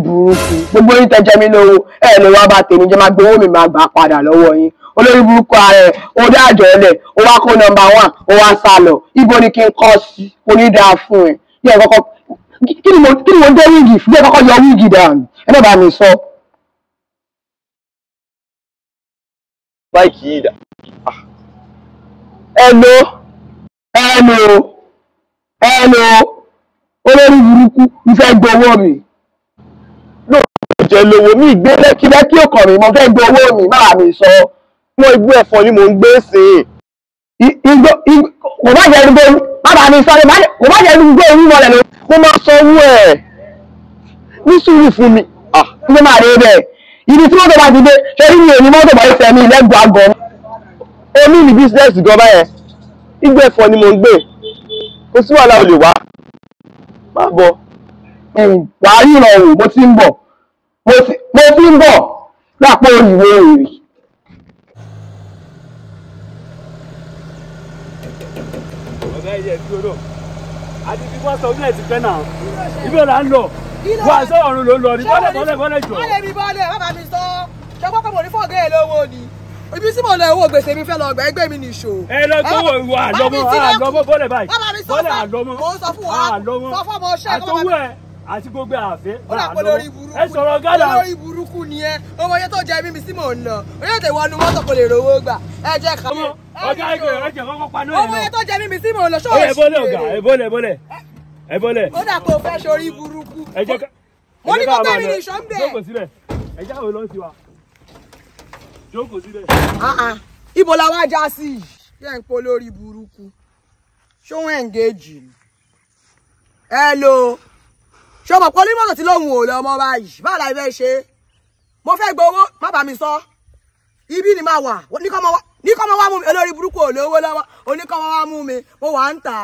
burú sí i gbogbo yín tẹjẹ mi lówó ẹ lè wá bá tèmi jẹ máa gbowó mi máa gbà padà lọ́wọ́ yín olórí burúkú ààrẹ ó dá àjọ ẹlẹ ó wá kó nọ́mbà one ó wá sá lọ ibo ni kí n kọ sí kò fún ẹ yẹ kọkọ kí ni mo dé wíìgì fún yẹ kọkọ yọ wíìgì dànù ẹ má bàa mi sọ. báyìí ìdá ẹnu ẹnu ẹnu olórí burúkú ń gbowó mi tiẹ̀ lówó mi gbé lẹ́kílẹ́kí ọkàn mi mo fẹ́ gbé owó mi máa mi sọ mo igbó ẹ̀fọn ni mo ń gbé ṣe igbó kò bá jẹ́ gbé bàbá mi sọ kò bá jẹ́ gbé owó mọ́lẹ̀ lọ mo máa sọ owó ẹ̀ ní sùúrù fún mi ní ah, máa rí bẹ́ẹ̀ ibi tí mọ́tò bá ti dé ṣe rí mi èmi mọ́tò bá ìfẹ́ mi lẹ́gbọ̀ọ́ àgọ́ omi ní bísíǹsì gan báyẹn igbó ẹ̀fọn ni mo ń gbé kò sí wàhálà olè wá má bọ̀ wàá ríran òun mo ti ń bọ̀ mo fi ń bọ̀ lápò ìwé èrè. ọ̀gá ẹ̀yẹ bí olóò àti bí wọ́n sọ ojú ẹ̀ ti pẹ́ náà ibi ò là ń lọ wọ́n àṣọ ọ̀run ló ń lọ ní bọ́lẹ̀ bọ́lẹ̀ bọ́lẹ̀ jọ. bọ́lẹ̀ mi bọ́lẹ̀ bàbá mi sọ ṣọgbọ́n pé mo ní fọ́ọ̀gẹ́ ẹ̀ lówó ni ibi tí mo lọ owó gbèsè mi fẹ́ lọ gbà ẹgbẹ́ mi ní ìṣó. ẹ lọ gbowó ìwọ àlọmọ àlọmọ bọ́lẹ̀ báyìí bọ́lẹ̀ àlọmọ àlọmọ àtọwọ́ ẹ àti gbogbo àfẹ́. ó rà pé lórí burúkú ẹ sọ̀rọ̀ gádà. lórí burúkú ni ẹ owó yẹn tó jẹ mímí sí mò ń nà oyè tè wọnú mọ́tò kò lè rówó gbà ẹ jẹ́ ká. ọjà ẹgbẹ́ rẹ jẹ kọ́kọ́ paná ẹ̀ náà. owó yẹn tó jẹ mímí sí mò ń nà ṣọ́ọ̀ṣì. ẹ bọ́lẹ̀ ọ̀gá ẹ bọ́lẹ̀ ẹ bọ́lẹ̀ ẹ bọ́lẹ̀. ó dà kó fẹ́ sórí burúkú. ẹ jẹ́ ká mo ní kó tẹ́mi nìṣọ́ ń bẹ̀. jókòó sílẹ̀ jókòó sílẹ̀. Ah, ah. ibo la wá já sí yìí yẹ́ ń po lórí burúkú ṣóhun ẹ̀ ń gé jì ní. hello ṣé ọmọ pọ̀ onímọ̀tò tí lóhùn ò lọ ọmọ báyìí báà láì fẹ́ ṣe mo fẹ́ gba owó má bà mí sọ ibi ni máa wà níkọ́mọ wá mú mi olórí burúkú ò lówó lọ́wọ́ oníkọ́mọ wá mú mi mo wà ń tà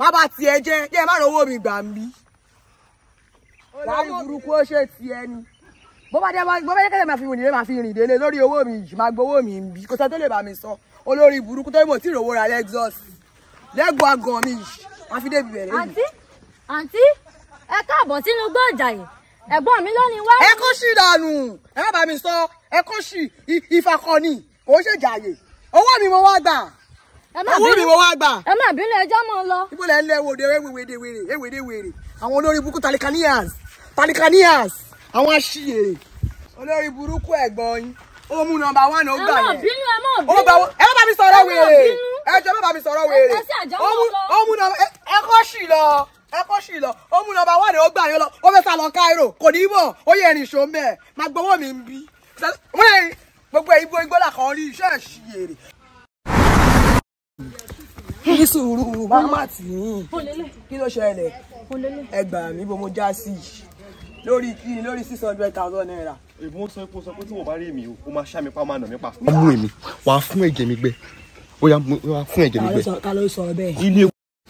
má bà tiẹ̀ jẹ́ jẹ́ má rówó mi gbà mí láàrí burúkú ó ṣe tiẹ̀ ni bó bá dé bó bá dé kẹ́tẹ́ máa fi rìn máa fi rìn délé lórí owó mi yìí máa gbowó mi bí kò sẹ́ tó lè bá mi sọ olórí burúkú tó mọ̀ tí ìrówó ra Lexus lẹ́gbọ̀ọ́ àgàn mi yìí máa fi débi bẹ̀rẹ̀ mi. àǹtí àǹtí ẹ káàbọ̀ sínú gbọ́ọ̀jàyè ẹ̀gbọ́n mi lónìí wá. ẹ kó sì dànù ẹ má bàa mi sọ ẹ kó sì ìfakọni kò ṣèjàyè owó mi mo wá gbà owó mi mo wá gbà. ẹ má bínú ẹjọ́ mọ́ lọ. ibo lẹ́ ń lẹ́ wòde ewéde wèrè ewéde wèrè àwọn olórí burúkú talikanias talikanias àwọn aṣiyèrè olórí burúkú ẹ̀gbọ́n yín ó mú nọ́mbà wán ó gbà yẹn ó bá wọn ẹ má bá mi sọ̀rọ̀ wèrè ẹ jọ má bá mi sọ̀rọ̀ wèrè ó mú nọ́mbà ẹ kọ́ sí lọ ẹ kó sì lọ ó mú nọ́mbà wọ́ọ̀dì ó gbà yín lọ ó fẹ́ sá lọ Cairo kò ní mọ̀ ó yẹ ẹ̀rìn ṣó mẹ́ẹ̀ máa gbowó mi ń bí gbogbo ibo igbó là kan rí iṣẹ́ ìṣiyèrè. ní sùúrù mama tì í kí ló ṣẹlẹ̀ ẹ gbà mí bó mo já sí i lórí kí ni lórí six hundred thousand naira. èmi ó sọ pé ó sọ pé tí mo bá rí èmi o ó máa ṣá mi pa ó máa nà mí pa. mú èmi wàá fún ẹ̀jẹ̀ mi gbẹ ó yá fún ẹ̀jẹ̀ mi gbẹ. ta ló sọ bẹ́ẹ̀.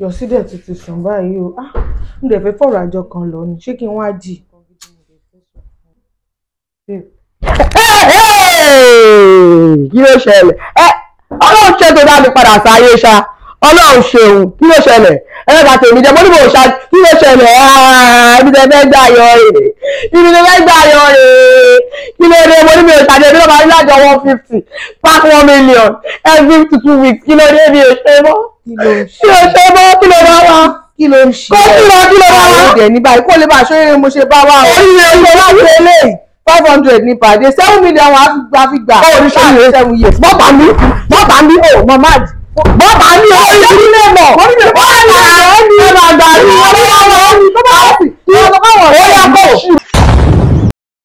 yọ̀sí dẹ̀ tún ti sùn báyìí o ah n dẹ̀ fẹ́ fọ̀rọ̀ àjọ kan lọ ni ṣé kí n wá jì. kí ló ṣẹlẹ̀ ẹ ọlọ́run ṣe tó dábì padà sáyé ṣá ọlọ́run ṣeun kí ló ṣẹlẹ̀ ẹ̀rọ bàtà èmi jẹ́ mo ní mò ń ṣá kí ló ṣẹlẹ̀ ah, ibi tẹ fẹ́ gbà yọ rè ibi tẹ fẹ́ gbà yọ rè kí ló dé mo ní mi ò ṣàdé ẹbí lọ́ba nílájọ one fifty pack one million every two weeks kí ló dé mi ò ṣe mọ́ kí ló ń ṣe ṣe mọ́ kí ló bá wa kí ló ń ṣe kó kí lọ kí ló bá wa. ó dẹ̀ ní báyìí kó lè bá aṣọ eré mo ṣe bá wa o oríire oríire láti eléyìí five hundred ní pàdé seven million wa gba fi gbà. ó ní sọ́yìn rẹ̀ seven years. bọ́ọ̀bà mi bọ́ọ̀bà mi ò oh, mọ máàdì. bọ́ọ̀bà mi ò ṣe ilé mọ̀. mo ní bẹ̀rẹ̀ bọ́ọ̀bà mi ò ṣe ilé mọ̀.